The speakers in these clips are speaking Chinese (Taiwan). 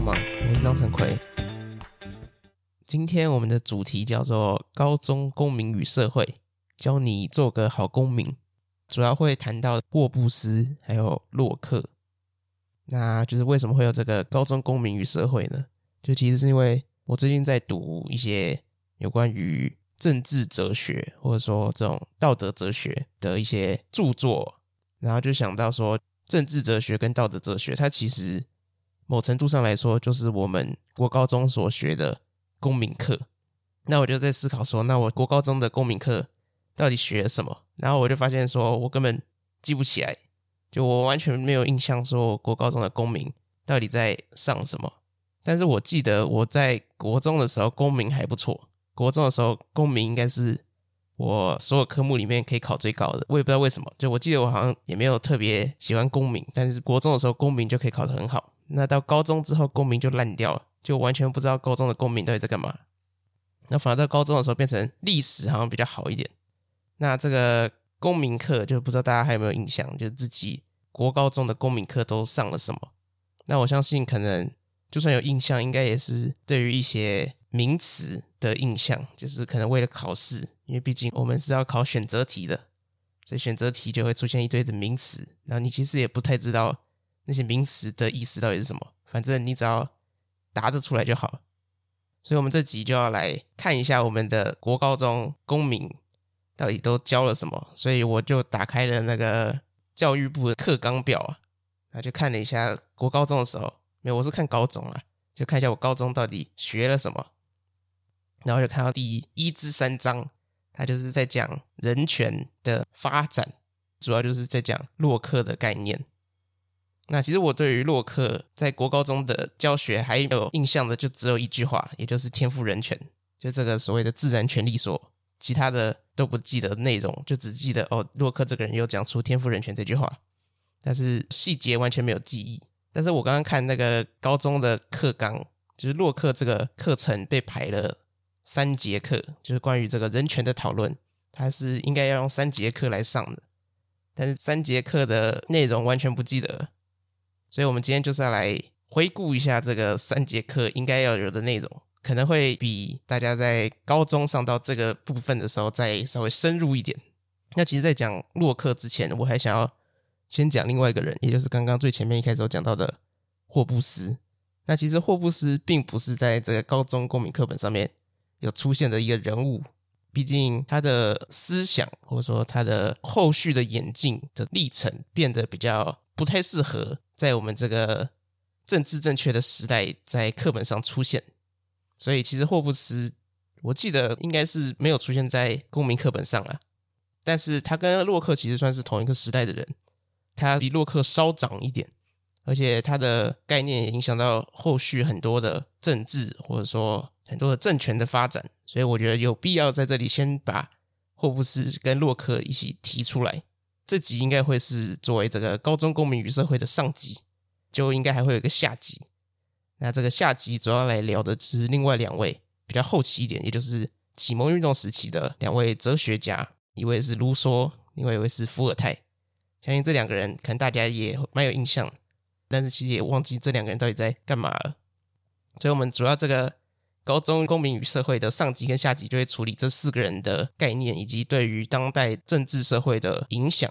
嗎，我是張成奎。今天我們的主題叫做《高中公民與社會》，教你做個好公民，主要會談到霍布斯還有洛克。那就是為什麼會有這個高中公民與社會呢？就其實是因為我最近在讀一些有關於政治哲學或者說這種道德哲學的一些著作，然後就想到說，政治哲學跟道德哲學，它其實。某程度上來說，就是我們國高中所學的公民課。那我就在思考說，那我國高中的公民課到底學了什麼？然後我就發現說，我根本記不起來，就我完全沒有印象說我國高中的公民到底在上什麼。但是我記得我在國中的時候，公民還不錯。國中的時候，公民應該是我所有科目裡面可以考最高的。我也不知道為什麼，就我記得我好像也沒有特別喜歡公民，但是國中的時候，公民就可以考得很好。那到高中之後，公民就爛掉了，就完全不知道高中的公民到底在幹嘛。那反而到高中的時候，變成歷史好像比較好一點。那這個公民課，就不知道大家還有沒有印象，就是自己國高中的公民課都上了什麼？那我相信，可能就算有印象，應該也是對於一些名詞的印象，就是可能為了考試，因為畢竟我們是要考選擇題的，所以選擇題就會出現一堆的名詞，然後你其實也不太知道。那些名詞的意思到底是什麼？反正你只要答得出來就好。所以，我們這集就要來看一下我們的國高中公民到底都教了什麼。所以，我就打開了那個教育部的課綱表啊，然後就看了一下國高中的時候，沒有，我是看高中啊，就看一下我高中到底學了什麼。然後就看到第一一至三章，它就是在講人權的發展，主要就是在講洛克的概念。那其實我對於洛克在國高中的教學還有印象的就只有一句話，也就是天賦人權，就這個所謂的自然權利說，其他的都不記得內容，就只記得哦，洛克這個人有講出天賦人權這句話，但是細節完全沒有記憶。但是我剛剛看那個高中的課綱，就是洛克這個課程被排了三節課，就是關於這個人權的討論，他是應該要用三節課來上的，但是三節課的內容完全不記得。所以，我們今天就是要來回顧一下這個三節課應該要有的內容，可能會比大家在高中上到這個部分的時候再稍微深入一點。那其實，在講洛克之前，我還想要先講另外一個人，也就是剛剛最前面一開始講到的霍布斯。那其實，霍布斯並不是在這個高中公民課本上面有出現的一個人物，畢竟他的思想或者說他的後續的演進的歷程變得比較不太適合。在我們這個政治正確的時代，在課本上出現，所以其實霍布斯，我記得應該是沒有出現在公民課本上了。但是他跟洛克其實算是同一個時代的人，他比洛克稍長一點，而且他的概念也影響到後續很多的政治或者說很多的政權的發展，所以我覺得有必要在這裡先把霍布斯跟洛克一起提出來。這集應該會是作為這個高中公民與社會的上集，就應該還會有一個下集。那這個下集主要來聊的是另外兩位比較後期一點，也就是啟蒙運動時期的兩位哲學家，一位是盧梭，另外一位是伏爾泰。相信這兩個人可能大家也蠻有印象，但是其實也忘記這兩個人到底在幹嘛了。所以我們主要這個。高中公民與社會的上集跟下集就會處理這四個人的概念以及對於當代政治社會的影響。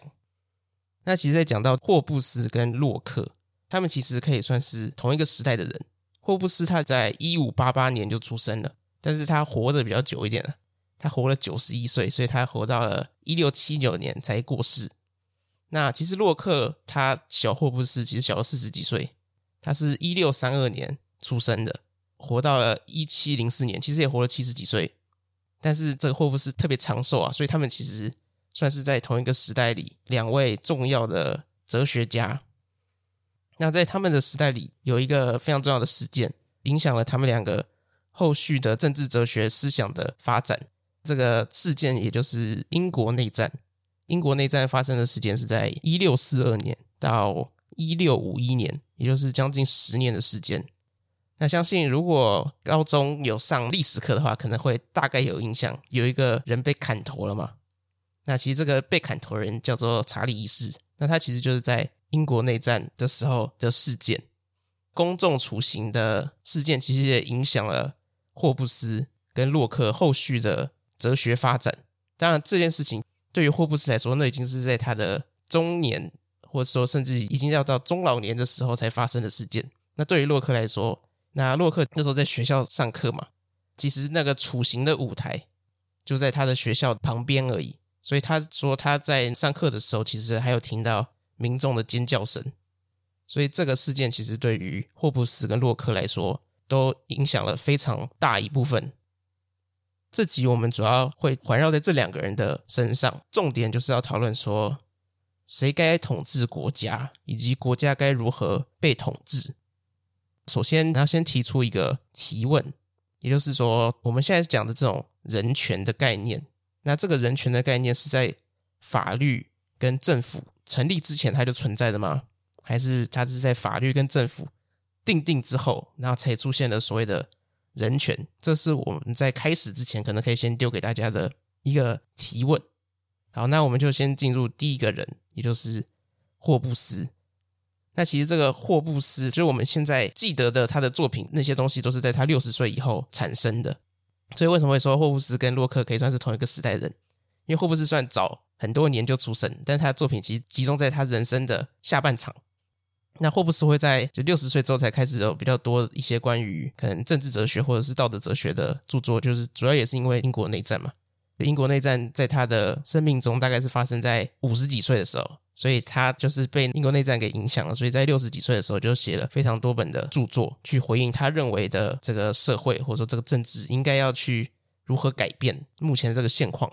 那其實，在講到霍布斯跟洛克，他們其實可以算是同一個時代的人。霍布斯他在一五八八年就出生了，但是他活得比較久一點了，他活了九十一歲，所以他活到了一六七九年才過世。那其實洛克他小霍布斯其實小了四十幾歲，他是一六三二年出生的。活到了一七零四年，其實也活了七十幾歲，但是這個霍布斯特別長壽啊，所以他們其實算是在同一個時代裡兩位重要的哲學家。那在他們的時代裡，有一個非常重要的事件，影響了他們兩個後續的政治哲學思想的發展。這個事件也就是英國內戰。英國內戰發生的時間是在一六四二年到一六五一年，也就是將近十年的時間。那相信，如果高中有上歷史課的話，可能會大概有印象，有一個人被砍頭了嘛。那其實這個被砍頭人叫做查理一世，那他其實就是在英國內戰的時候的事件，公眾處刑的事件，其實也影響了霍布斯跟洛克後續的哲學發展。當然，這件事情對於霍布斯來說，那已經是在他的中年，或者說甚至已經要到中老年的時候才發生的事件。那對於洛克來說，那洛克那時候在學校上課嘛，其實那個處刑的舞台就在他的學校旁邊而已，所以他說他在上課的時候，其實還有聽到民眾的尖叫聲，所以這個事件其實對於霍布斯跟洛克來說都影響了非常大一部分。這集我們主要會環繞在這兩個人的身上，重點就是要討論說誰該統治國家，以及國家該如何被統治。首先，他先提出一個提問，也就是說，我們現在講的這種人權的概念，那這個人權的概念是在法律跟政府成立之前它就存在的嗎？還是它是在法律跟政府訂定之後，然後才出現了所謂的人權？這是我們在開始之前可能可以先丟給大家的一個提問。好，那我們就先進入第一個人，也就是霍布斯。那其實這個霍布斯，就是我們現在記得的他的作品那些東西，都是在他六十歲以後產生的。所以為什麼會說霍布斯跟洛克可以算是同一個時代人？因為霍布斯算早很多年就出生，但是他的作品其實集中在他人生的下半場。那霍布斯會在就六十歲之後才開始有比較多一些關於可能政治哲學或者是道德哲學的著作，就是主要也是因為英國內戰嘛。英國內戰在他的生命中大概是發生在五十幾歲的時候，所以他就是被英國內戰給影響了。所以在六十幾歲的時候，就寫了非常多本的著作，去回應他認為的這個社會或者說這個政治應該要去如何改變目前的這個現況。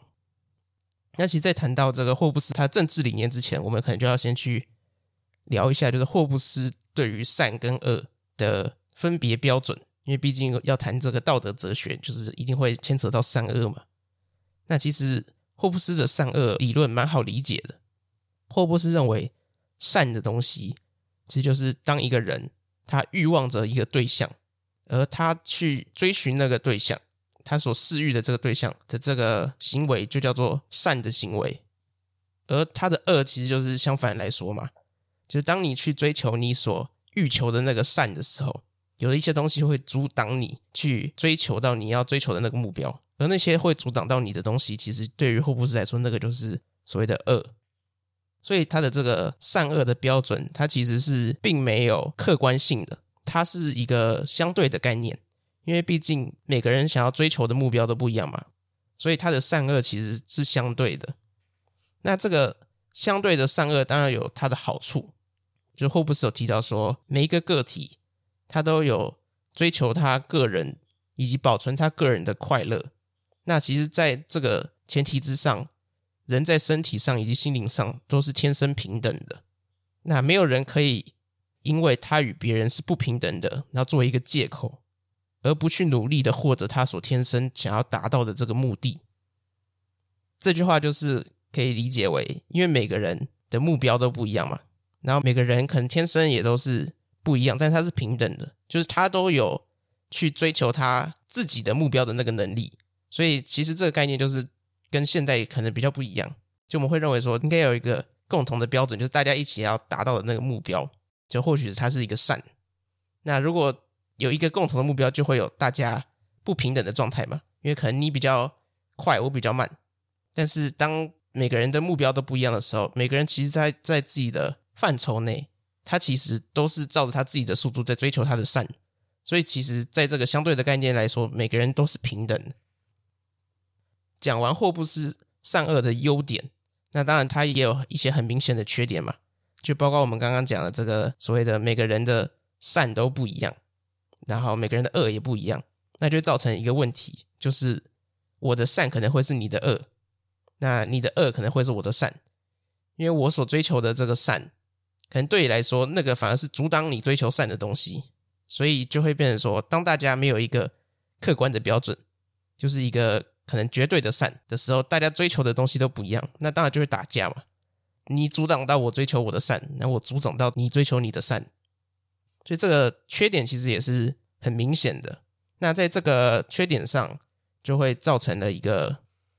那其實，在談到這個霍布斯他政治理念之前，我們可能就要先去聊一下，就是霍布斯對於善跟惡的分別標準，因為畢竟要談這個道德哲學，就是一定會牽扯到善惡嘛。那其實霍布斯的善惡理論蠻好理解的。霍布斯認為善的東西其實就是當一個人他欲望着一個對象，而他去追尋那個對象，他所嗜欲的這個對象的這個行為就叫做善的行為。而他的惡其實就是相反來說嘛，就是當你去追求你所欲求的那個善的時候，有的一些東西會阻擋你去追求到你要追求的那個目標。而那些會阻擋到你的東西，其實對於霍布斯來說，那個就是所謂的惡。所以他的這個善惡的標準，它其實是並沒有客觀性的，它是一個相對的概念。因為畢竟每個人想要追求的目標都不一樣嘛，所以他的善惡其實是相對的。那這個相對的善惡當然有它的好處，就霍布斯有提到說，每一個個體他都有追求他個人以及保存他個人的快樂。那其實，在這個前提之上，人在身體上以及心靈上都是天生平等的。那沒有人可以因為他與別人是不平等的，然後作為一個借口，而不去努力的獲得他所天生想要達到的這個目的。這句話就是可以理解為，因為每個人的目標都不一樣嘛，然後每個人可能天生也都是不一樣，但他是平等的，就是他都有去追求他自己的目標的那個能力。所以其實這個概念就是跟現代可能比較不一樣，就我們會認為說應該有一個共同的標準，就是大家一起要達到的那個目標。就或許它是一個善。那如果有一個共同的目標，就會有大家不平等的狀態嘛。因為可能你比較快，我比較慢。但是當每個人的目標都不一樣的時候，每個人其實他在在自己的範疇內，他其實都是照着他自己的速度在追求他的善。所以其實在這個相對的概念來說，每個人都是平等的。講完霍布斯善惡的優點，那當然他也有一些很明顯的缺點嘛，就包括我們剛剛講的這個所謂的每個人的善都不一樣，然後每個人的惡也不一樣，那就造成一個問題，就是我的善可能會是你的惡，那你的惡可能會是我的善，因為我所追求的這個善，可能對你來說那個反而是阻擋你追求善的東西，所以就會變成說，當大家沒有一個客觀的標準，就是一個。可能絕對的善的時候，大家追求的東西都不一樣，那當然就會打架嘛。你阻擋到我追求我的善，那我阻擋到你追求你的善，所以這個缺點其實也是很明顯的。那在這個缺點上，就會造成了一個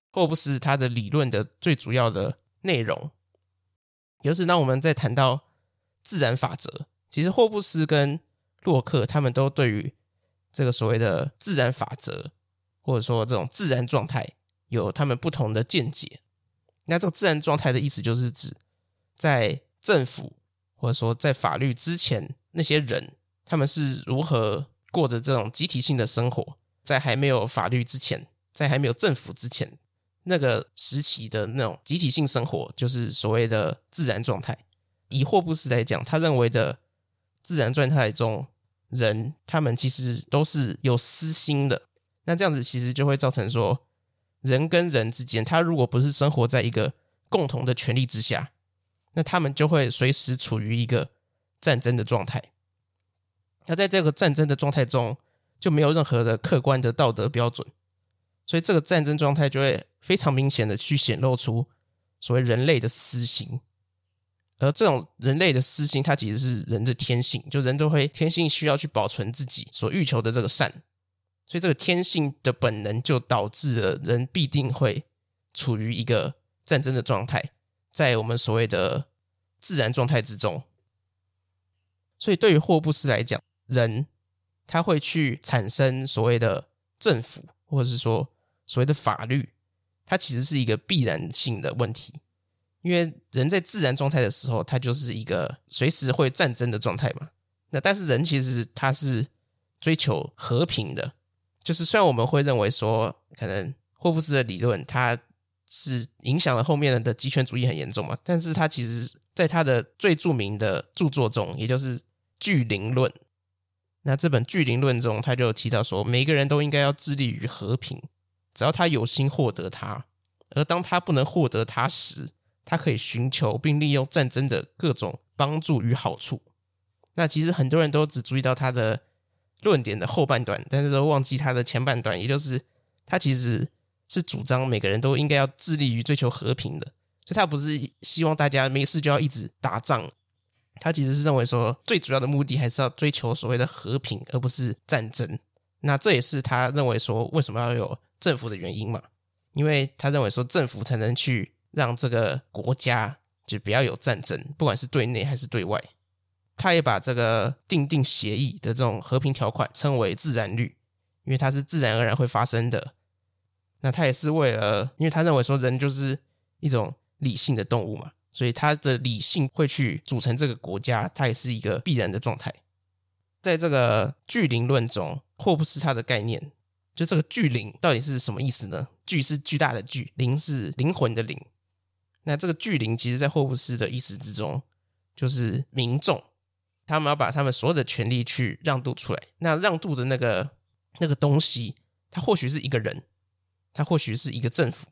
霍布斯他的理論的最主要的內容，也就是讓我們在談到自然法則，其實霍布斯跟洛克他們都對於這個所謂的自然法則。或者說這種自然狀態有他們不同的見解。那這個自然狀態的意思就是指，在政府或者說在法律之前，那些人他們是如何過着這種集體性的生活。在還沒有法律之前，在還沒有政府之前，那個時期的那種集體性生活，就是所謂的自然狀態。以霍布斯來講，他認為的自然狀態中，人他們其實都是有私心的。那這樣子其實就會造成說，人跟人之間，他如果不是生活在一個共同的權力之下，那他們就會隨時處於一個戰爭的狀態。那在這個戰爭的狀態中，就沒有任何的客觀的道德標準，所以這個戰爭狀態就會非常明顯的去顯露出所謂人類的私心。而這種人類的私心，它其實是人的天性，就人都會天性需要去保存自己所欲求的這個善。所以，這個天性的本能就導致了人必定會處於一個戰爭的狀態，在我們所謂的自然狀態之中。所以，對於霍布斯來講，人他會去產生所謂的政府，或者是說所謂的法律，它其實是一個必然性的問題，因為人在自然狀態的時候，他就是一個隨時會戰爭的狀態嘛。那但是，人其實他是追求和平的。就是雖然我們會認為說，可能霍布斯的理論它是影響了後面人的極權主義很嚴重嘛，但是他其實在他的最著名的著作中，也就是《巨靈論》，那這本《巨靈論》中，他就提到說，每個人都應該要致力於和平，只要他有心獲得它，而當他不能獲得它時，他可以尋求並利用戰爭的各種幫助與好處。那其實很多人都只注意到他的。論點的後半段，但是都忘記他的前半段，也就是他其實是主張每個人都應該要致力於追求和平的，所以他不是希望大家沒事就要一直打仗，他其實是認為說最主要的目的還是要追求所謂的和平，而不是戰爭。那這也是他認為說為什麼要有政府的原因嘛，因為他認為說政府才能去讓這個國家就不要有戰爭，不管是對內還是對外。他也把這個訂定協議的這種和平條款稱為自然律，因為它是自然而然會發生的。那他也是為了，因為他認為說人就是一種理性的動物嘛，所以他的理性會去組成這個國家，它也是一個必然的狀態。在這個巨靈論中，霍布斯他的概念，就這個巨靈到底是什麼意思呢？巨是巨大的巨，靈是靈魂的靈。那這個巨靈其實在霍布斯的意思之中，就是民眾。他們要把他們所有的權力去讓渡出來，那讓渡的那個那個東西，它或許是一個人，它或許是一個政府。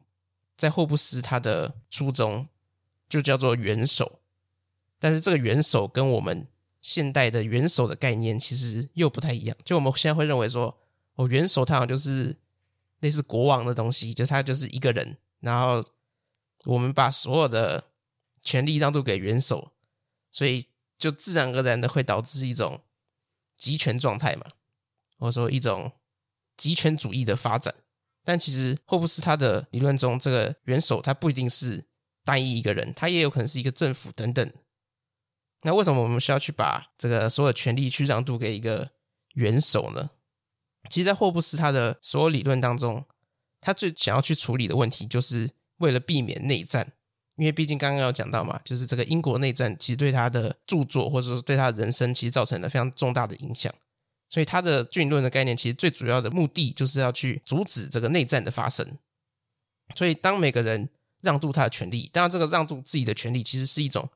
在霍布斯他的書中就叫做元首。但是這個元首跟我們現代的元首的概念其實又不太一樣。就我們現在會認為說，哦，元首他好像就是類似國王的東西，就是，他就是一個人，然後我們把所有的權力讓渡給元首，所以，就自然而然的會導致一種集權狀態嘛，或者說一種極權主義的發展。但其實霍布斯他的理論中，這個元首他不一定是單一一個人，他也有可能是一個政府等等。那為什麼我們需要去把這個所有的權力去讓渡給一個元首呢？其實，在霍布斯他的所有理論當中，他最想要去處理的問題就是為了避免內戰。因為畢竟剛剛有講到嘛，就是這個英國內戰其實對他的著作或者說對他的人生其實造成了非常重大的影響，所以他的君論的概念其實最主要的目的就是要去阻止這個內戰的發生。所以當每個人讓渡他的權利，當然這個讓渡自己的權利其實是一種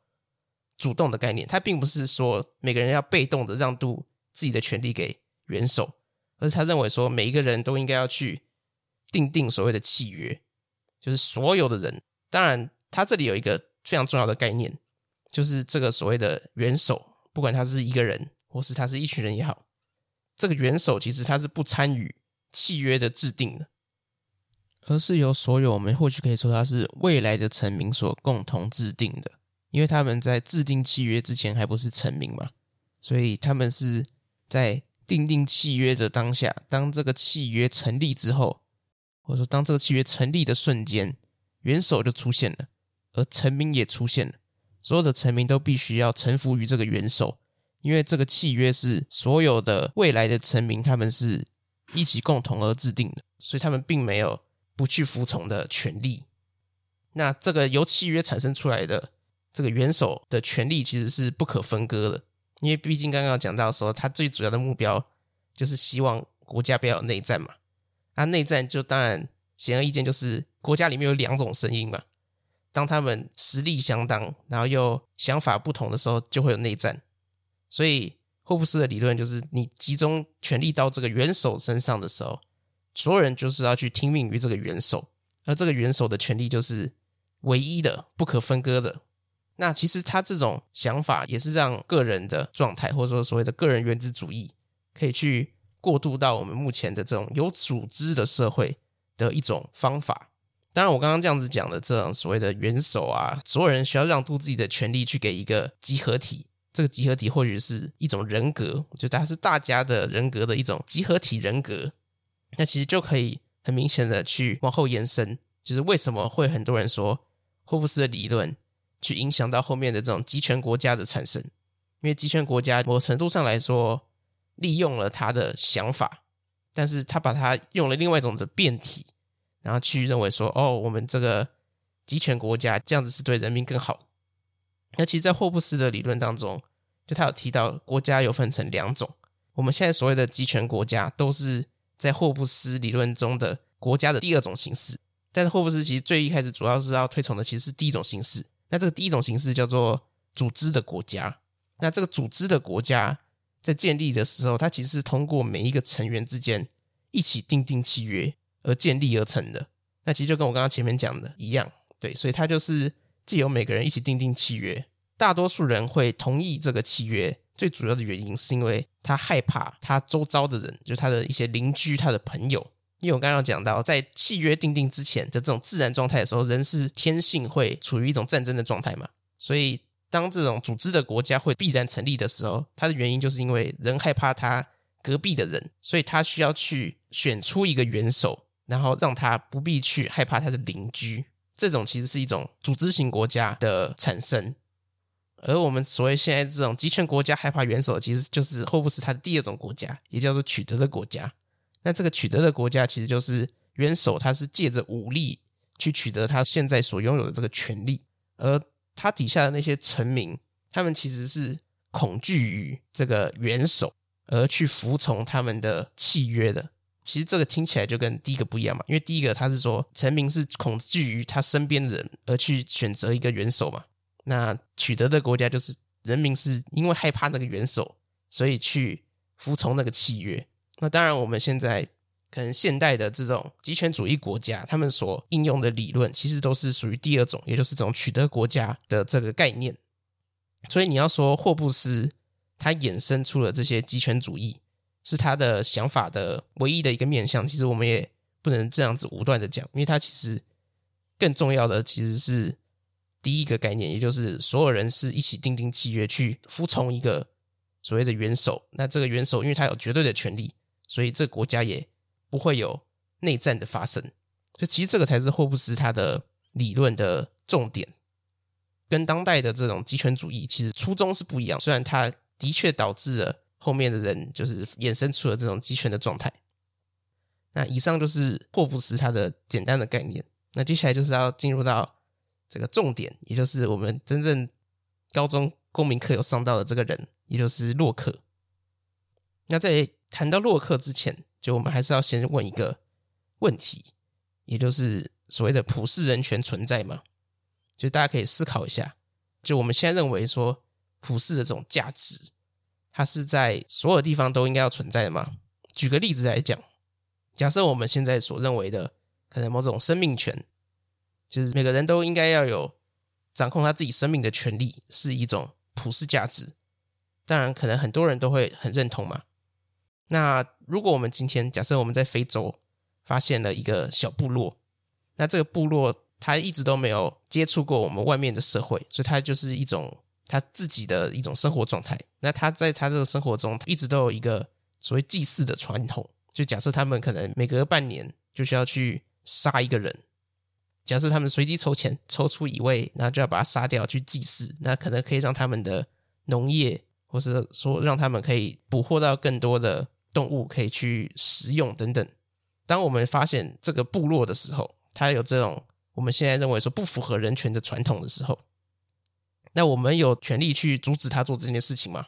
主動的概念，他並不是說每個人要被動的讓渡自己的權利給元首，而是他認為說每一個人都應該要去訂定所謂的契約，就是所有的人當然。他這裡有一個非常重要的概念，就是這個所謂的元首，不管他是一個人，或是他是一群人也好，這個元首其實他是不參與契約的制定的，而是由所有我們或許可以說他是未來的臣民所共同制定的，因為他們在制定契約之前還不是臣民嘛，所以他們是在訂定契約的當下，當這個契約成立之後，或者說當這個契約成立的瞬間，元首就出現了。而臣民也出現了，所有的臣民都必須要臣服於這個元首，因為這個契約是所有的未來的臣民他們是一起共同而制定的，所以他們並沒有不去服從的權利。那這個由契約產生出來的這個元首的權利其實是不可分割的，因為畢竟剛剛講到說，他最主要的目標就是希望國家不要有內戰嘛，啊，那內戰就當然顯而易見就是國家裡面有兩種聲音嘛。當他們實力相當，然後又想法不同的時候，就會有內戰。所以，霍布斯的理論就是：你集中權力到這個元首身上的時候，所有人就是要去聽命於這個元首，而這個元首的權力就是唯一的、不可分割的。那其實他這種想法也是讓個人的狀態，或者說所謂的個人原子主義，可以去過渡到我們目前的這種有組織的社會的一種方法。當然，我剛剛這樣子講的這種所謂的元首啊，所有人需要讓渡自己的權利去給一個集合體，這個集合體或許是一種人格，我覺得它是大家的人格的一種集合體人格。那其實就可以很明顯的去往後延伸，就是為什麼會很多人說霍布斯的理論去影響到後面的這種極權國家的產生，因為極權國家某程度上來說利用了他的想法，但是他把他用了另外一種的變體。然後去認為說，哦，我們這個極權國家這樣子是對人民更好。那其實，在霍布斯的理論當中，就他有提到國家有分成兩種。我們現在所謂的極權國家，都是在霍布斯理論中的國家的第二種形式。但是，霍布斯其實最一開始主要是要推崇的其實是第一種形式。那這個第一種形式叫做組織的國家。那這個組織的國家在建立的時候，它其實是通過每一個成員之間一起訂定契約。而建立而成的，那其實就跟我剛剛前面講的一樣，對，所以它就是藉由每個人一起訂定契約，大多數人會同意這個契約，最主要的原因是因為他害怕他周遭的人，就是、他的一些鄰居、他的朋友。因為我剛剛講到，在契約訂定之前的這種自然狀態的時候，人是天性會處於一種戰爭的狀態嘛，所以當這種組織的國家會必然成立的時候，它的原因就是因為人害怕他隔壁的人，所以他需要去選出一個元首。然後讓他不必去害怕他的鄰居，這種其實是一種組織型國家的產生。而我們所謂現在這種極權國家害怕元首，其實就是霍布斯他的第二種國家，也叫做取得的國家。那這個取得的國家，其實就是元首他是借着武力去取得他現在所擁有的這個權利，而他底下的那些臣民，他們其實是恐懼於這個元首而去服從他們的契約的。其實這個聽起來就跟第一個不一樣嘛，因為第一個他是說，臣民是恐懼於他身邊的人而去選擇一個元首嘛，那取得的國家就是人民是因為害怕那個元首，所以去服從那個契約。那當然，我們現在可能現代的這種極權主義國家，他們所應用的理論其實都是屬於第二種，也就是這種取得國家的這個概念。所以你要說霍布斯他衍生出了這些極權主義。是他的想法的唯一的一個面向，其實我們也不能這樣子武斷的講，因為他其實更重要的其實是第一個概念，也就是所有人是一起訂定契約去服從一個所謂的元首，那這個元首因為他有絕對的權利，所以這個國家也不會有內戰的發生，所以其實這個才是霍布斯他的理論的重點，跟當代的這種極權主義其實初衷是不一樣，雖然他的確導致了。後面的人就是衍生出了這種極權的狀態。那以上就是霍布斯他的簡單的概念。那接下來就是要進入到這個重點，也就是我們真正高中公民課有上到的這個人，也就是洛克。那在談到洛克之前，就我們還是要先問一個問題，也就是所謂的普世人權存在嗎？就大家可以思考一下。就我們現在認為說普世的這種價值。它是在所有地方都應該要存在的嗎？舉個例子來講，假設我們現在所認為的可能某種生命權，就是每個人都應該要有掌控他自己生命的權利，是一種普世價值。當然，可能很多人都會很認同嘛。那如果我們今天假設我們在非洲發現了一個小部落，那這個部落它一直都沒有接觸過我們外面的社會，所以它就是一種。他自己的一種生活狀態。那他在他這個生活中，他一直都有一個所謂祭祀的傳統。就假設他們可能每隔半年就需要去殺一個人。假設他們隨機抽籤抽出一位，然後就要把他殺掉去祭祀，那可能可以讓他們的農業，或是說讓他們可以捕獲到更多的動物可以去食用等等。當我們發現這個部落的時候，他有這種我們現在認為說不符合人權的傳統的時候。那我們有權利去阻止他做這件事情嗎？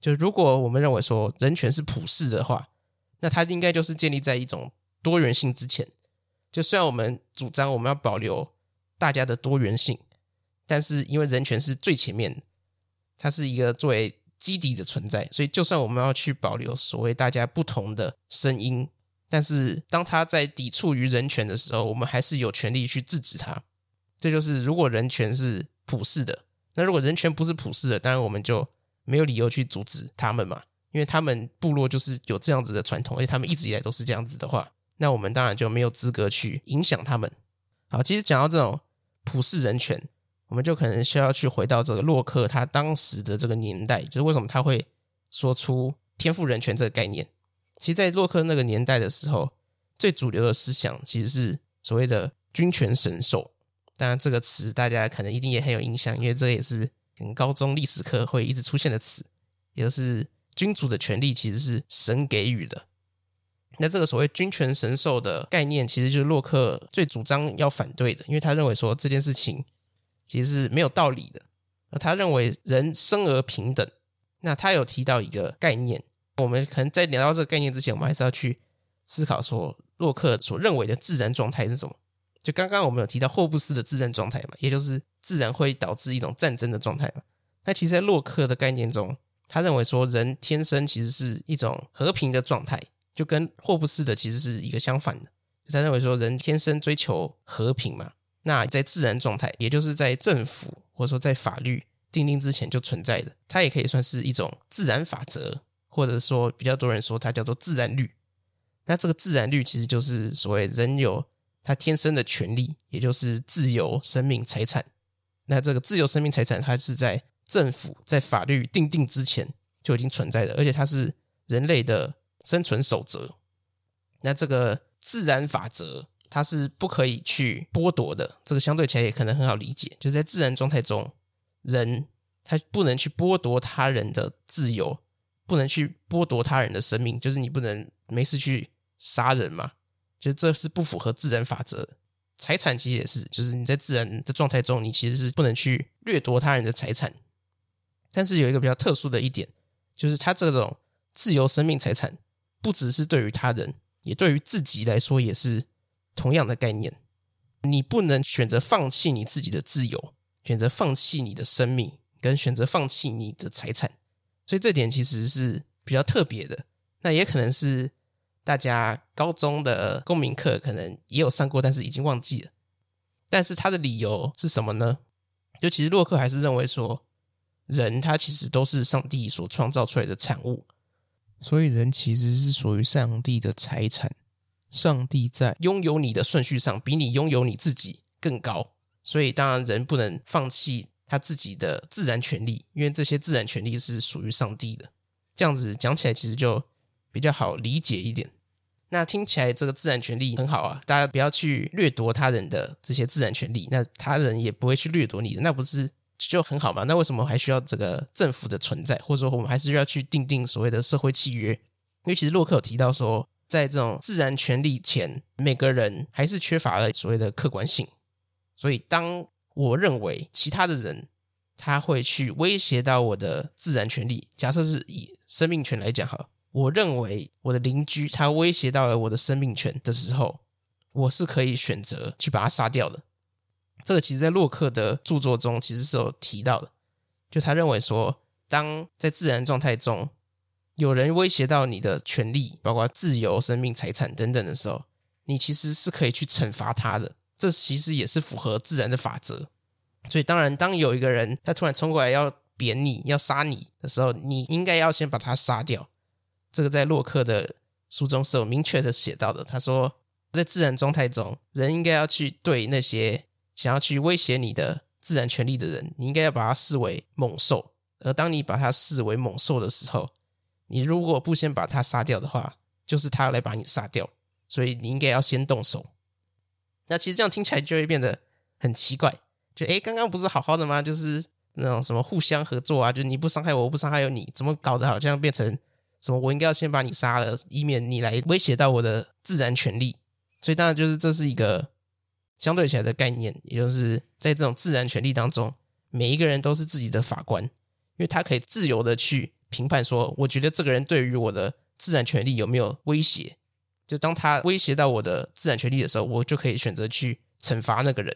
就如果我們認為說人權是普世的話，那它應該就是建立在一種多元性之前。就雖然我們主張我們要保留大家的多元性，但是因為人權是最前面，它是一個作為基底的存在，所以就算我們要去保留所謂大家不同的聲音，但是當他在抵觸於人權的時候，我們還是有權利去制止他。這就是如果人權是。普世的，那如果人權不是普世的，當然我們就沒有理由去阻止他們嘛，因為他們部落就是有這樣子的傳統，而且他們一直以來都是這樣子的話，那我們當然就沒有資格去影響他們。好，其實講到這種普世人權，我們就可能需要去回到這個洛克他當時的這個年代，就是為什麼他會說出天賦人權這個概念。其實，在洛克那個年代的時候，最主流的思想其實是所謂的君權神授。當然這個詞大家可能一定也很有印象，因為這也是可能高中歷史課會一直出現的詞，也就是君主的權力其實是神給予的。那這個所謂君權神授的概念，其實就是洛克最主張要反對的，因為他認為說這件事情其實是沒有道理的。而他認為人生而平等，那他有提到一個概念，我們可能在聊到這個概念之前，我們還是要去思考說洛克所認為的自然狀態是什麼。就剛剛我們有提到霍布斯的自然狀態嘛，也就是自然會導致一種戰爭的狀態嘛。那其實，在洛克的概念中，他認為說人天生其實是一種和平的狀態，就跟霍布斯的其實是一個相反的。他認為說人天生追求和平嘛。那在自然狀態，也就是在政府或者說在法律訂定之前就存在的，它也可以算是一種自然法則，或者說比較多人說它叫做自然律。那這個自然律其實就是所謂人有。他天生的權利，也就是自由、生命、財產。那這個自由、生命、財產，它是在政府在法律訂定之前就已經存在的，而且它是人類的生存守則。那這個自然法則，它是不可以去剝奪的。這個相對起來也可能很好理解，就是在自然狀態中，人，他不能去剝奪他人的自由，不能去剝奪他人的生命，就是你不能沒事去殺人嘛。就這是不符合自然法則。財產其實也是，就是你在自然的狀態中，你其實是不能去掠奪他人的財產。但是有一個比較特殊的一點，就是他這種自由、生命、財產，不只是對於他人，也對於自己來說也是同樣的概念。你不能選擇放棄你自己的自由，選擇放棄你的生命，跟選擇放棄你的財產。所以這點其實是比較特別的。那也可能是。大家高中的公民課可能也有上過，但是已經忘記了。但是他的理由是什麼呢？就其實洛克還是認為說，人他其實都是上帝所創造出來的產物，所以人其實是屬於上帝的財產。上帝在擁有你的順序上比你擁有你自己更高，所以當然人不能放棄他自己的自然權利，因為這些自然權利是屬於上帝的。這樣子講起來其實就比較好理解一點。那聽起來這個自然權利很好啊，大家不要去掠奪他人的這些自然權利，那他人也不會去掠奪你的，那不是就很好嗎？那為什麼還需要這個政府的存在，或者說我們還是要去訂定所謂的社會契約？因為其實洛克有提到說，在這種自然權利前，每個人還是缺乏了所謂的客觀性。所以，當我認為其他的人他會去威脅到我的自然權利，假設是以生命權來講，好。我認為我的鄰居他威脅到了我的生命權的時候，我是可以選擇去把他殺掉的。這個其實在洛克的著作中其實是有提到的，就他認為說，當在自然狀態中有人威脅到你的權利，包括自由、生命、財產等等的時候，你其實是可以去懲罰他的。這其實也是符合自然的法則。所以當然，當有一個人他突然衝過來要扁你要殺你的時候，你應該要先把他殺掉。這個在洛克的書中是有明確的寫到的。他說，在自然狀態中，人應該要去對那些想要去威脅你的自然權利的人，你應該要把他視為猛獸。而當你把他視為猛獸的時候，你如果不先把他殺掉的話，就是他來把你殺掉。所以你應該要先動手。那其實這樣聽起來就會變得很奇怪，就誒剛剛不是好好的嗎？就是那種什麼互相合作啊，就你不傷害我，我不傷害有你，怎麼搞得好像變成？什麼？我應該要先把你殺了，以免你來威脅到我的自然權利。所以當然就是這是一個相對起來的概念，也就是在這種自然權利當中，每一個人都是自己的法官，因為他可以自由的去評判說，我覺得這個人對於我的自然權利有沒有威脅。就當他威脅到我的自然權利的時候，我就可以選擇去懲罰那個人。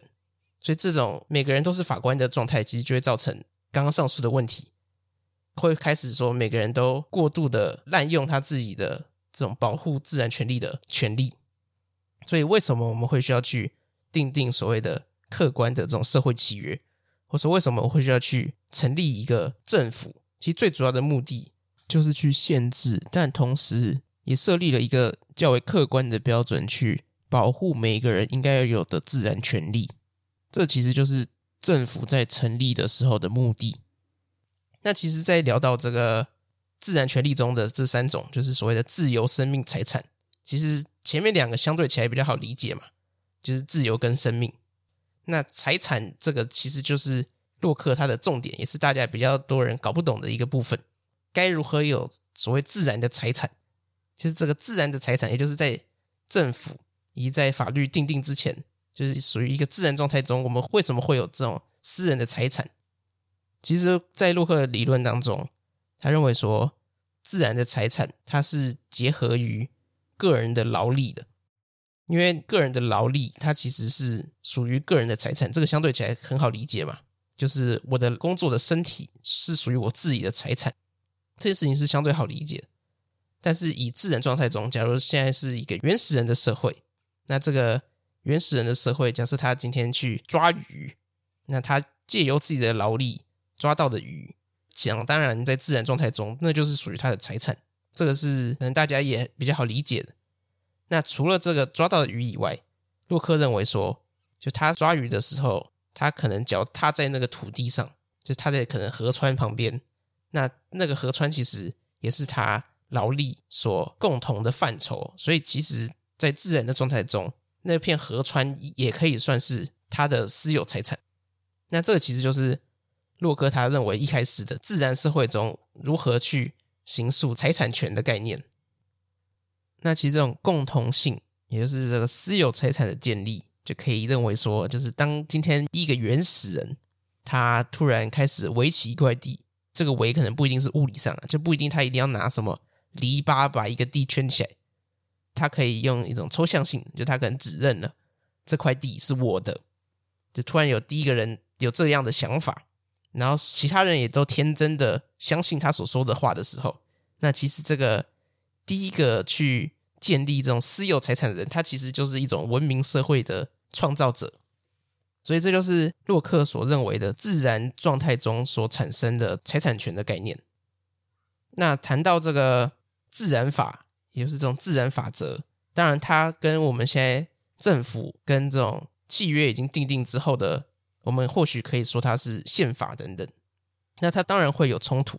所以這種每個人都是法官的狀態，其實就會造成剛剛上述的問題。會開始說，每個人都過度的濫用他自己的這種保護自然權利的權利，所以為什麼我們會需要去訂定所謂的客觀的這種社會契約，或者說為什麼我會需要去成立一個政府？其實最主要的目的就是去限制，但同時也設立了一個較為客觀的標準，去保護每一個人應該要有的自然權利。這其實就是政府在成立的時候的目的。那其實，在聊到這個自然權利中的這三種，就是所謂的自由、生命、財產。其實前面兩個相對起來比較好理解嘛，就是自由跟生命。那財產這個，其實就是洛克他的重點，也是大家比較多人搞不懂的一個部分。該如何有所謂自然的財產？其實這個自然的財產，也就是在政府以及在法律定定之前，就是屬於一個自然狀態中，我們為什麼會有這種私人的財產？其實，在洛克的理論當中，他認為說，自然的財產它是結合於個人的勞力的，因為個人的勞力，它其實是屬於個人的財產，這個相對起來很好理解嘛，就是我的工作的身體是屬於我自己的財產，這件事情是相對好理解的。但是以自然狀態中，假如現在是一個原始人的社會，那這個原始人的社會，假設他今天去抓魚，那他借由自己的勞力。抓到的魚，想當然在自然狀態中，那就是屬於他的財產，這個是可能大家也比較好理解的。那除了這個抓到的魚以外，洛克認為說，就他抓魚的時候，他可能腳踏在那個土地上，就是他在可能河川旁邊，那那個河川其實也是他勞力所共同的範疇，所以其實在自然的狀態中，那片河川也可以算是他的私有財產。那這個其實就是。洛克他認為，一開始的自然社會中，如何去形塑財產權的概念？那其實這種共同性，也就是這個私有財產的建立，就可以認為說，就是當今天第一個原始人，他突然開始圍起一塊地，這個圍可能不一定是物理上的，就不一定他一定要拿什麼籬笆把一個地圈起來，他可以用一種抽象性，就他可能指認了這塊地是我的，就突然有第一個人有這樣的想法。然後其他人也都天真的相信他所說的話的時候，那其實這個第一個去建立這種私有財產的人，他其實就是一種文明社會的創造者。所以這就是洛克所認為的自然狀態中所產生的財產權的概念。那談到這個自然法，也就是這種自然法則，當然它跟我們現在政府跟這種契約已經訂定之後的。我們或許可以說它是憲法等等，那它當然會有衝突。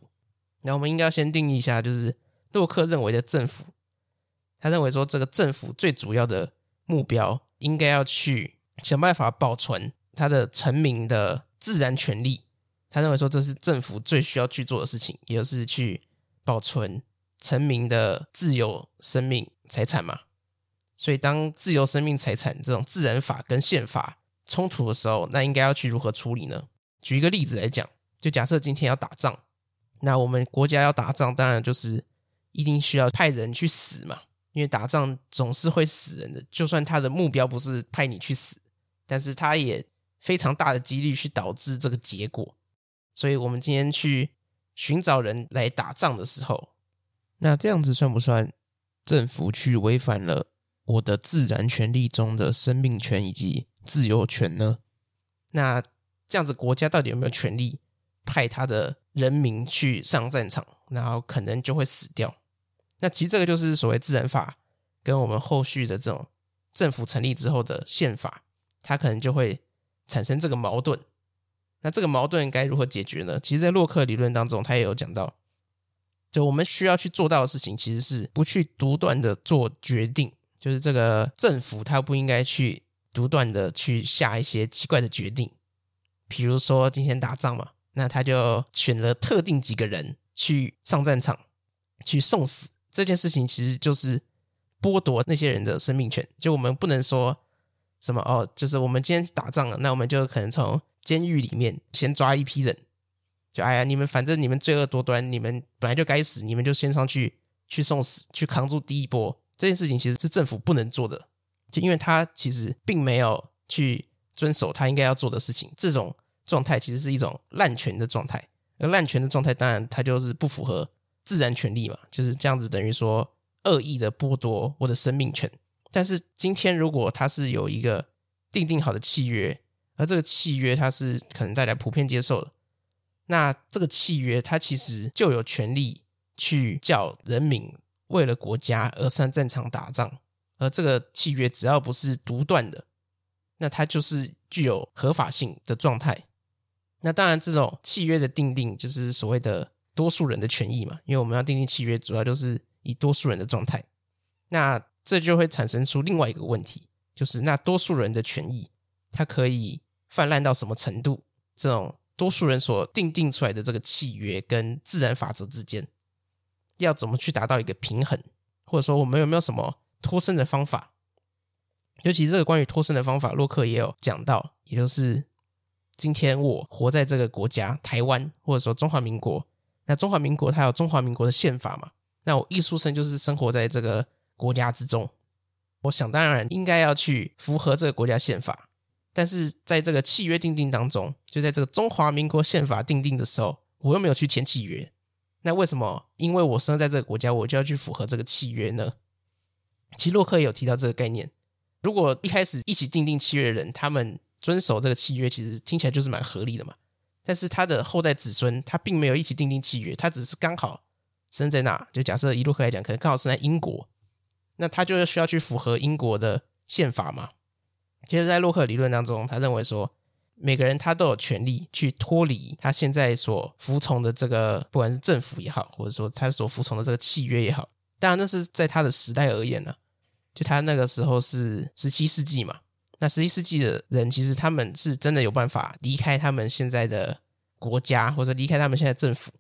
那我們應該要先定義一下，就是洛克認為的政府，他認為說這個政府最主要的目標應該要去想辦法保存他的臣民的自然權利，他認為說這是政府最需要去做的事情，也就是去保存臣民的自由、生命、財產嘛。所以，當自由、生命、財產這種自然法跟憲法，衝突的時候，那應該要去如何處理呢？舉一個例子來講，就假設今天要打仗，那我們國家要打仗，當然就是一定需要派人去死嘛，因為打仗總是會死人的。就算他的目標不是派你去死，但是他也非常大的幾率去導致這個結果。所以，我們今天去尋找人來打仗的時候，那這樣子算不算政府去違反了我的自然權利中的生命權以及？自由權呢？那這樣子，國家到底有沒有權利派他的人民去上戰場，然後可能就會死掉？那其實這個就是所謂自然法跟我們後續的這種政府成立之後的憲法，它可能就會產生這個矛盾。那這個矛盾該如何解決呢？其實，在洛克理論當中，他也有講到，就我們需要去做到的事情，其實是不去獨斷的做決定，就是這個政府它不應該去。不斷的去下一些奇怪的決定，比如說今天打仗嘛，那他就選了特定幾個人去上戰場去送死。這件事情其實就是剝奪那些人的生命權。就我們不能說什麼哦，就是我們今天打仗了，那我們就可能從監獄裡面先抓一批人。就哎呀，你們反正你們罪惡多端，你們本來就該死，你們就先上去去送死，去扛住第一波。這件事情其實是政府不能做的。就因為他其實並沒有去遵守他應該要做的事情，這種狀態其實是一種濫權的狀態。而濫權的狀態，當然他就是不符合自然權利嘛，就是這樣子等於說惡意的剝奪我的生命權。但是今天如果他是有一個訂定好的契約，而這個契約它是可能大家普遍接受的，那這個契約它其實就有權利去叫人民為了國家而上戰場打仗。而這個契約只要不是獨斷的，那它就是具有合法性的狀態。那當然，這種契約的訂定，就是所謂的多數人的權益嘛。因為我們要訂定契約，主要就是以多數人的狀態。那這就會產生出另外一個問題，就是那多數人的權益它可以泛濫到什麼程度？這種多數人所訂定出來的這個契約跟自然法則之間，要怎麼去達到一個平衡？或者說，我們有沒有什麼？脫身的方法，尤其這個關於脫身的方法，洛克也有講到，也就是今天我活在這個國家台灣，或者說中華民國。那中華民國它有中華民國的憲法嘛，那我一出生就是生活在這個國家之中，我想當然應該要去符合這個國家憲法。但是在這個契約訂定當中，就在這個中華民國憲法訂定的時候，我又沒有去簽契約，那為什麼？因為我生在這個國家，我就要去符合這個契約呢？其實洛克也有提到這個概念，如果一開始一起訂定契約的人，他們遵守這個契約，其實聽起來就是蠻合理的嘛。但是他的後代子孫，他並沒有一起訂定契約，他只是剛好生在那，就假設以洛克來講，可能剛好生在英國，那他就需要去符合英國的憲法嘛。其實，在洛克理論當中，他認為說，每個人他都有權利去脫離他現在所服從的這個，不管是政府也好，或者說他所服從的這個契約也好。當然，那是在他的時代而言呢。就他那個時候是十七世紀嘛，那十七世紀的人其實他們是真的有辦法離開他們現在的國家，或者離開他們現在的政府，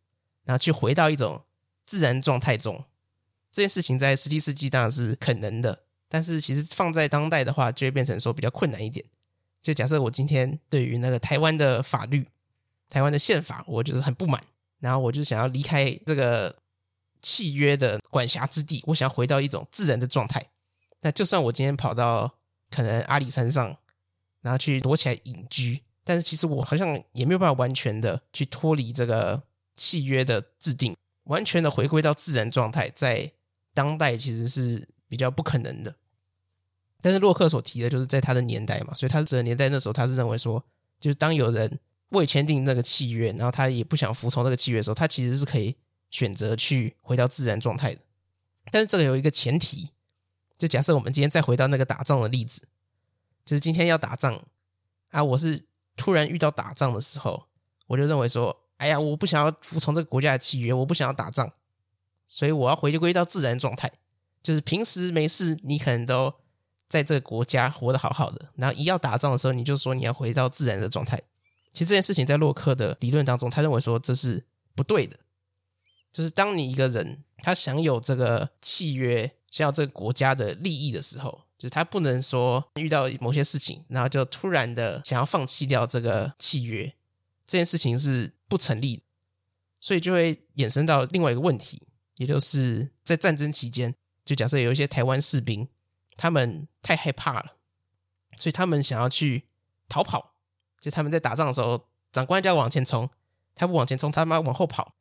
然後去回到一種自然狀態中。這件事情在十七世紀當然是可能的，但是其實放在當代的話，就會變成說比較困難一點。就假設我今天對於那個台灣的法律、台灣的憲法，我就是很不滿，然後我就想要離開這個。契約的管轄之地，我想要回到一種自然的狀態。那就算我今天跑到可能阿里山上，然後去躲起來隱居，但是其實我好像也沒有辦法完全的去脫離這個契約的制定，完全的回歸到自然狀態，在當代其實是比較不可能的。但是洛克所提的就是在他的年代嘛，所以他整個年代那時候他是認為說，就是當有人未簽訂那個契約，然後他也不想服從那個契約的時候，他其實是可以。選擇去回到自然狀態，但是這個有一個前提，就假設我們今天再回到那個打仗的例子，就是今天要打仗，啊，我是突然遇到打仗的時候，我就認為說，哎呀，我不想要服從這個國家的契約，我不想要打仗，所以我要回歸到自然狀態，就是平時沒事，你可能都在這個國家活得好好的，然後一要打仗的時候，你就說你要回到自然的狀態。其實這件事情在洛克的理論當中，他認為說，這是不對的。就是當你一個人他享有這個契約，享有這個國家的利益的時候，就是他不能說遇到某些事情，然後就突然的想要放棄掉這個契約，這件事情是不成立的。所以就會衍生到另外一個問題，也就是在戰爭期間，就假設有一些台灣士兵，他們太害怕了，所以他們想要去逃跑。就他們在打仗的時候，長官就要往前衝，他不往前衝，他媽往後跑。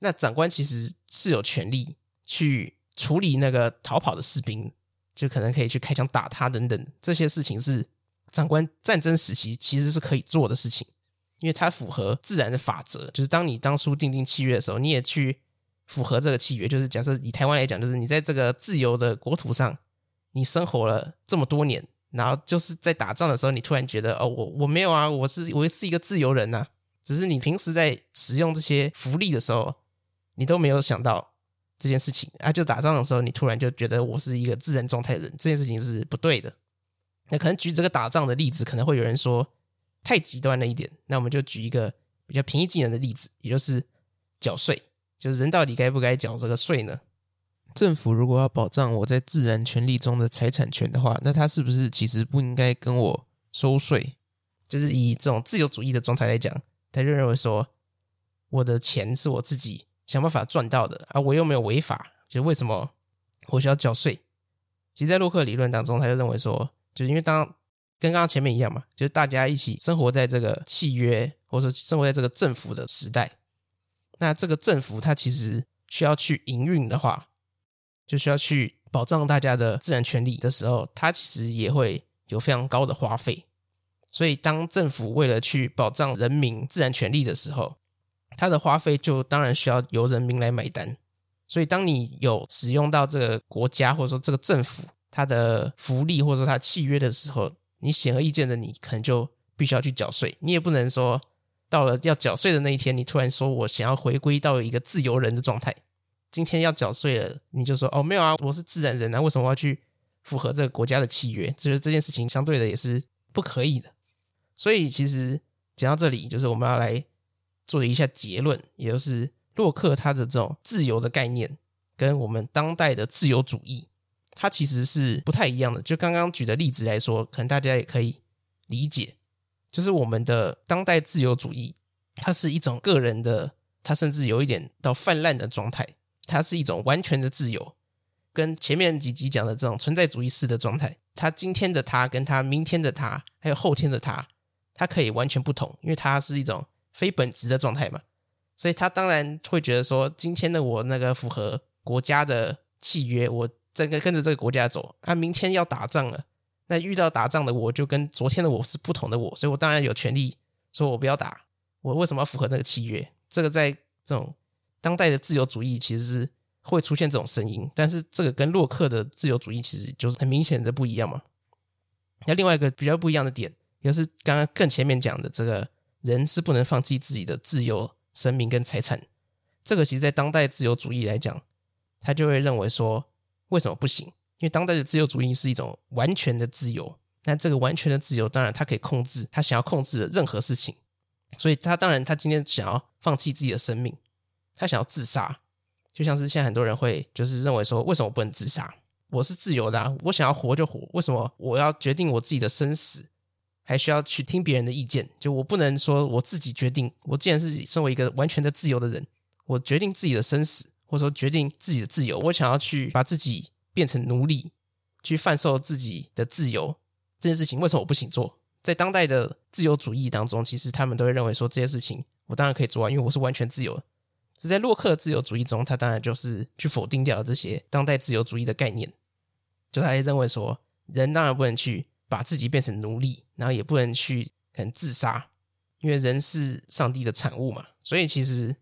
那長官其實是有權利去處理那個逃跑的士兵，就可能可以去開槍打他等等，這些事情是長官戰爭時期其實是可以做的事情，因為它符合自然的法則。就是當你當初訂定，定契約的時候，你也去符合這個契約。就是假設以台灣來講，就是你在這個自由的國土上，你生活了這麼多年，然後就是在打仗的時候，你突然覺得，哦，我我沒有啊，我是我是一個自由人吶、啊，只是你平時在使用這些福利的時候。你都沒有想到這件事情啊！就打仗的時候，你突然就覺得我是一個自然狀態的人，這件事情是不對的。那可能舉這個打仗的例子，可能會有人說太極端了一點。那我們就舉一個比較平易近人的例子，也就是繳稅。就是人到底該不該繳這個稅呢？政府如果要保障我在自然權利中的財產權的話，那他是不是其實不應該跟我收稅？就是以這種自由主義的狀態來講，他就認為說我的錢是我自己想辦法賺到的啊，我又沒有違法，就為什麼我需要繳稅？其實，在洛克理論當中，他就認為說，就是因為當跟剛剛前面一樣嘛，就是大家一起生活在這個契約或者說生活在這個政府的時代，那這個政府它其實需要去營運的話，就需要去保障大家的自然權利的時候，它其實也會有非常高的花費。所以，當政府為了去保障人民自然權利的時候，它的花費就當然需要由人民來買單，所以當你有使用到這個國家或者說這個政府它的福利或者說它契約的時候，你顯而易見的你可能就必須要去繳稅，你也不能說到了要繳稅的那一天，你突然說我想要回歸到一個自由人的狀態，今天要繳稅了，你就說哦沒有啊，我是自然人啊，為什麼我要去符合這個國家的契約？其實這件事情相對的也是不可以的，所以其實講到這裡，就是我們要來。做了一下結論，也就是洛克他的這種自由的概念，跟我們當代的自由主義，它其實是不太一樣的。就剛剛舉的例子來說，可能大家也可以理解，就是我們的當代自由主義，它是一種個人的，它甚至有一點到泛濫的狀態，它是一種完全的自由，跟前面幾集講的這種存在主義式的狀態，它今天的他跟他明天的他，還有後天的他，它可以完全不同，因為它是一種。非本質的狀態嘛，所以他當然會覺得說，今天的我那個符合國家的契約，我這個跟着這個國家走啊。明天要打仗了，那遇到打仗的我就跟昨天的我是不同的我，所以我當然有權利說我不要打，我為什麼要符合那個契約？這個在這種當代的自由主義其實是會出現這種聲音，但是這個跟洛克的自由主義其實就是很明顯的不一樣嘛。那另外一個比較不一樣的點，也是剛剛更前面講的這個。人是不能放棄自己的自由、生命跟財產。這個其實，在當代自由主義來講，他就會認為說，為什麼不行？因為當代的自由主義是一種完全的自由，那這個完全的自由，當然他可以控制他想要控制的任何事情。所以他當然，他今天想要放棄自己的生命，他想要自殺，就像是現在很多人會就是認為說，為什麼不能自殺？我是自由的啊，我想要活就活，為什麼我要決定我自己的生死？還需要去聽別人的意見，就我不能說我自己決定。我既然是身為一個完全的自由的人，我決定自己的生死，或者說決定自己的自由，我想要去把自己變成奴隸，去販售自己的自由，這件事情為什麼我不行做？在當代的自由主義當中，其實他們都會認為說，這些事情我當然可以做啊，因為我是完全自由的。只是在洛克的自由主義中，他當然就是去否定掉這些當代自由主義的概念，就他也認為說，人當然不能去把自己變成奴隸。然後也不能去可能自殺，因為人是上帝的產物嘛。所以其實，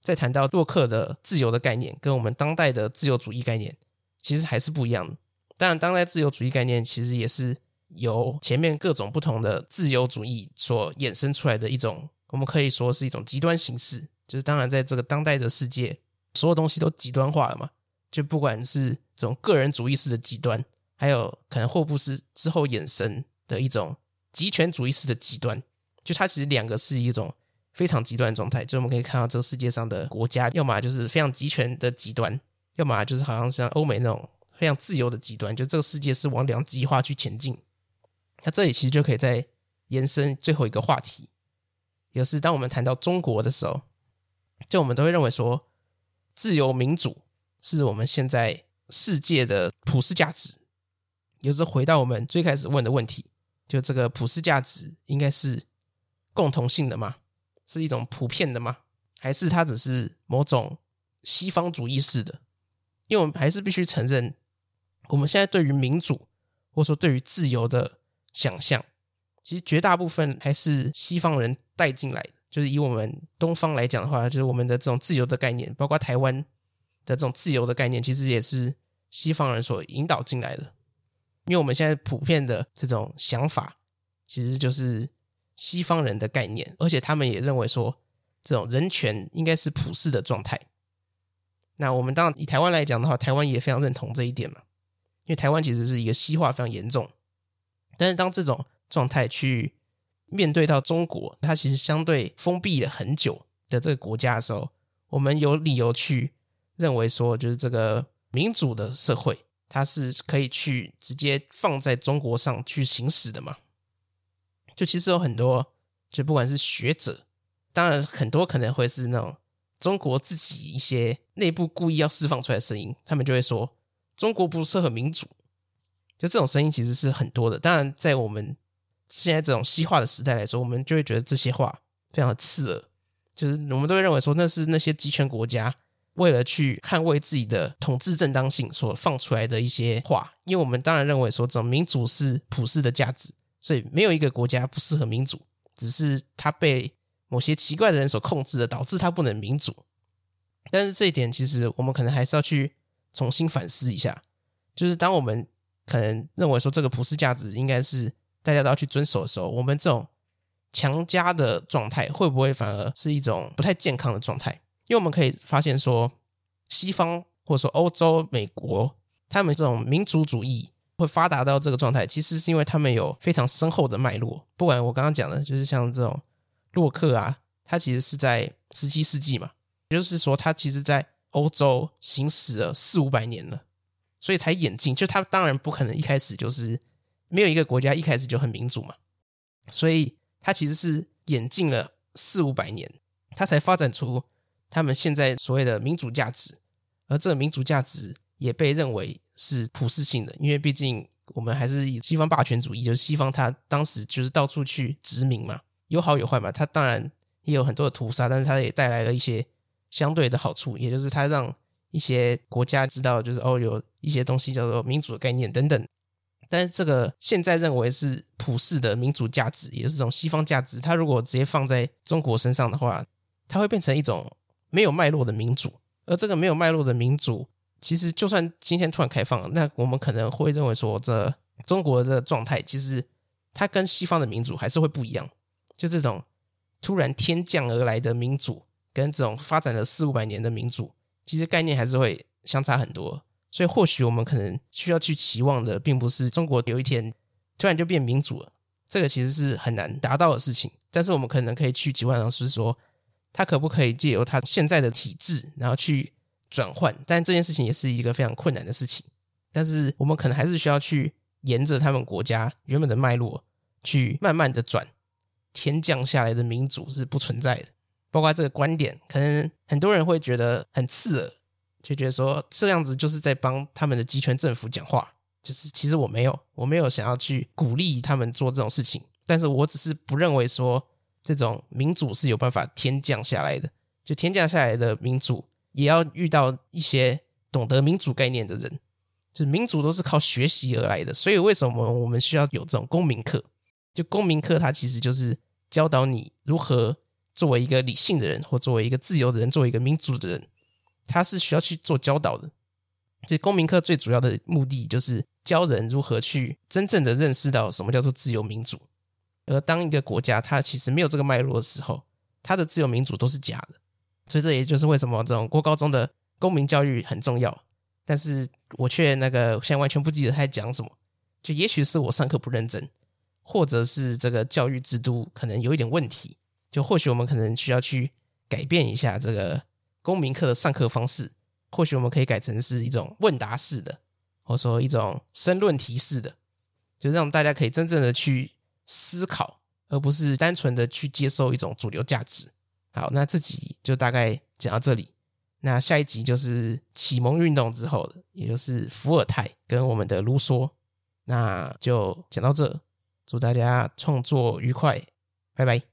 在談到洛克的自由的概念，跟我們當代的自由主義概念，其實還是不一樣的。當然，當代自由主義概念其實也是由前面各種不同的自由主義所衍生出來的一種，我們可以說是一種極端形式。就是當然，在這個當代的世界，所有東西都極端化了嘛。就不管是這種個人主義式的極端，還有可能霍布斯之後衍生的一種。極權主義式的極端，就它其實兩個是一種非常極端的狀態。就我們可以看到這個世界上的國家，要麼就是非常集權的極端，要麼就是好像像歐美那種非常自由的極端。就這個世界是往兩極化去前進。那這裡其實就可以再延伸最後一個話題，也是當我們談到中國的時候，就我們都會認為說，自由民主是我們現在世界的普世價值。也就是回到我們最開始問的問題。就這個普世價值應該是共同性的嗎？是一種普遍的嗎？還是它只是某種西方主義式的？因為我們還是必須承認，我們現在對於民主或者說對於自由的想象，其實絕大部分還是西方人帶進來的。就是以我們東方來講的話，就是我們的這種自由的概念，包括台灣的這種自由的概念，其實也是西方人所引導進來的。因為我們現在普遍的這種想法，其實就是西方人的概念，而且他們也認為說，這種人權應該是普世的狀態。那我們當然以台灣來講的話，台灣也非常認同這一點嘛，因為台灣其實是一個西化非常嚴重。但是當這種狀態去面對到中國，它其實相對封閉了很久的這個國家的時候，我們有理由去認為說，就是這個民主的社會。它是可以去直接放在中國上去行使的嘛？就其實有很多，就不管是學者，當然很多可能會是那種中國自己一些內部故意要釋放出來的聲音，他們就會說中國不適合民主。就這種聲音其實是很多的。當然，在我們現在這種西化的時代來說，我們就會覺得這些話非常的刺耳，就是我們都會認為說那是那些極權國家為了去捍衛自己的統治正當性所放出來的一些話，因為我們當然認為說，這種民主是普世的價值，所以沒有一個國家不適合民主，只是它被某些奇怪的人所控制了，導致它不能民主。但是這一點其實我們可能還是要去重新反思一下，就是當我們可能認為說這個普世價值應該是大家都要去遵守的時候，我們這種強加的狀態會不會反而是一種不太健康的狀態？因為我們可以發現說，西方或者說歐洲、美國，他們這種民族主義會發達到這個狀態，其實是因為他們有非常深厚的脈絡。不管我剛剛講的，就是像這種洛克啊，他其實是在十七世紀嘛，也就是說，他其實在歐洲行駛了四五百年了，所以才演進。就他當然不可能一開始就是沒有一個國家一開始就很民主嘛，所以他其實是演進了四五百年，他才發展出。他們現在所謂的民主價值，而這個民主價值也被認為是普世性的，因為畢竟我們還是以西方霸權主義，就是西方它當時就是到處去殖民嘛，有好有壞嘛，它當然也有很多的屠殺，但是它也帶來了一些相對的好處，也就是它讓一些國家知道，就是哦，有一些東西叫做民主的概念等等。但是這個現在認為是普世的民主價值，也就是這種西方價值，它如果直接放在中國身上的話，它會變成一種。沒有脈絡的民主，而這個沒有脈絡的民主，其實就算今天突然開放了，那我們可能會認為說，這中國的狀態其實它跟西方的民主還是會不一樣。就這種突然天降而來的民主，跟這種發展了四五百年的民主，其實概念還是會相差很多。所以或許我們可能需要去期望的，並不是中國有一天突然就變民主了，這個其實是很難達到的事情。但是我們可能可以去期望的是說，說。他可不可以借由他現在的體制，然後去轉換？但這件事情也是一個非常困難的事情。但是我們可能還是需要去沿着他們國家原本的脈絡去慢慢的轉。天降下來的民主是不存在的。包括這個觀點，可能很多人會覺得很刺耳，就覺得說這樣子就是在幫他們的極權政府講話。就是其實我沒有，我沒有想要去鼓勵他們做這種事情。但是我只是不認為說。這種民主是有辦法天降下來的，就天降下來的民主也要遇到一些懂得民主概念的人，就民主都是靠學習而來的，所以為什麼我們需要有這種公民課？就公民課它其實就是教導你如何作為一個理性的人，或作為一個自由的人，作為一個民主的人，他是需要去做教導的。所以公民課最主要的目的就是教人如何去真正的認識到什麼叫做自由民主。而當一個國家它其實沒有這個脈絡的時候，它的自由民主都是假的。所以這也就是為什麼這種國高中的公民教育很重要。但是我卻那個我現在完全不記得他在講什麼，就也許是我上課不認真，或者是這個教育制度可能有一點問題。就或許我們可能需要去改變一下這個公民課的上課方式，或許我們可以改成是一種問答式的，或者說一種申論題式的，就讓大家可以真正的去。思考，而不是單純的去接受一種主流價值。好，那這集就大概講到這裡。那下一集就是啟蒙運動之後，也就是伏爾泰跟我們的盧梭。那就講到這，祝大家創作愉快，拜拜。